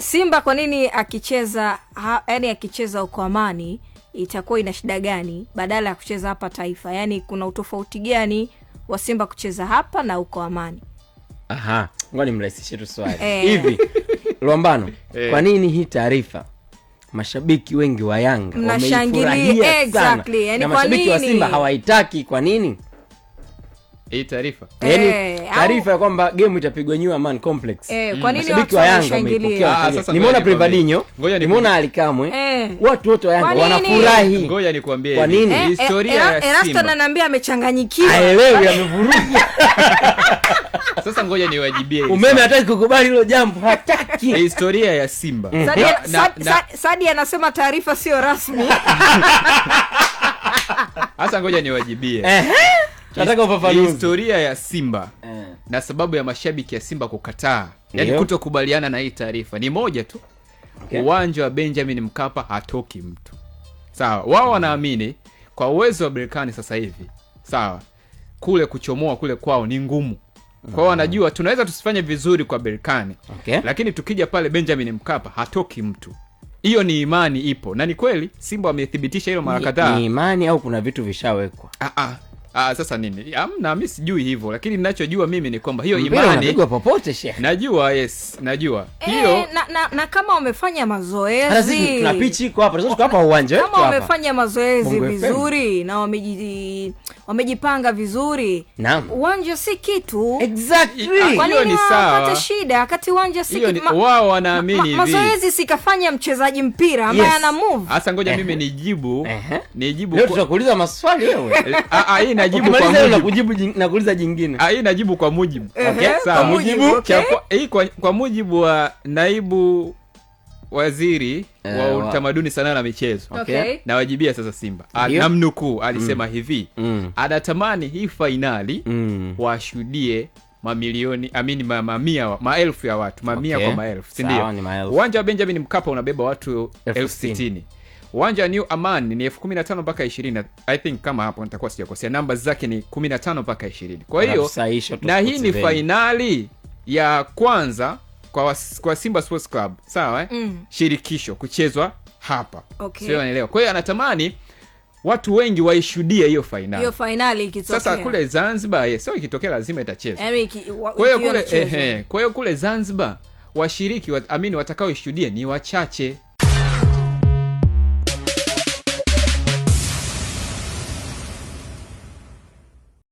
Simba kwa nini akicheza yani, akicheza uko Amani itakuwa ina shida gani badala ya kucheza hapa Taifa? yani kuna utofauti gani wa Simba kucheza hapa na uko Amani? Aha, ngoja nimrahisishie tu swali eh. hivi Lwambano, eh. kwa nini hii taarifa mashabiki wengi wa Yanga wameifurahia sana, exactly, na mashabiki wa Simba hawaitaki kwa nini? hii taarifa eh, yaani hey, eh, taarifa au... ya kwamba game itapigwa New man Complex. Hey, eh, wa Yanga ah, Nimeona Prevadinho, nimeona Alikamwe, watu wote wa Yanga wanafurahi. Ngoja nikwambie kwa nini historia ya Simba. Eraston ananiambia amechanganyikiwa, aelewi amevuruga. Sasa ngoja niwajibie, umeme hataki kukubali hilo jambo, hataki. Historia ya Simba. Mm. Sadi anasema taarifa sio rasmi. Sasa ngoja niwajibie Historia ya Simba eh, na sababu ya mashabiki ya Simba kukataa, yaani kutokubaliana na hii taarifa ni moja tu, okay. Uwanja wa Benjamin Mkapa hatoki mtu sawa. Wao wanaamini kwa uwezo wa berekani sasa hivi sawa, kule kuchomoa kule kwao ni ngumu kwao, mm. wanajua tunaweza tusifanye vizuri kwa berekani okay, lakini tukija pale Benjamin Mkapa hatoki mtu hiyo ni imani ipo, na ni kweli Simba wamethibitisha hilo mara kadhaa. Ni imani au kuna vitu vishawekwa? Ah, ah. Ah, sasa nini? amna mimi sijui hivyo, lakini ninachojua mimi ni kwamba hiyo imani popote sheikh. Najua, yes, najua. E, hiyo na, na, na kama wamefanya mazoezi. Tuna iko hapa, hapa uwanja. Kama wamefanya mazoezi vizuri na wameji wamejipanga vizuri. Naam, uwanja si kitu exactly. shida wakati uwanja si Wao wanaamini mazoezi sikafanya mchezaji mpira ambaye ana move. ngoja mimi nijibu, nijibu. Leo tutakuuliza maswali eh, hii najibu kwa kujibu jingine. hii najibu kwa mujibu. Okay, mujibu kwa mujibu wa naibu waziri uh, wa utamaduni, sanaa na michezo okay. Nawajibia sasa Simba ah, namnukuu, alisema mm. hivi mm. anatamani hii fainali mm. washuhudie mamilioni amini mamia maelfu ya watu mamia okay. kwa maelfu sindio? Uwanja wa Benjamin Mkapa unabeba watu elfu sitini uwanja wa New Aman ni elfu kumi na tano mpaka ishirini I think kama hapo nitakuwa sijakosea, namba zake ni kumi na tano mpaka ishirini Kwa hiyo na hii ni fainali ya kwanza kwa, was, kwa Simba Sports Club sawa eh? mm. shirikisho kuchezwa hapa okay. Sio, anaelewa. Kwa hiyo anatamani watu wengi waishuhudie hiyo fainali hiyo fainali ikitokea. Sasa kule Zanzibar yes, eh, sio ikitokea lazima itachezwa. Yaani kwa hiyo kule, kule Zanzibar washiriki wa, amini watakaoishuhudie ni wachache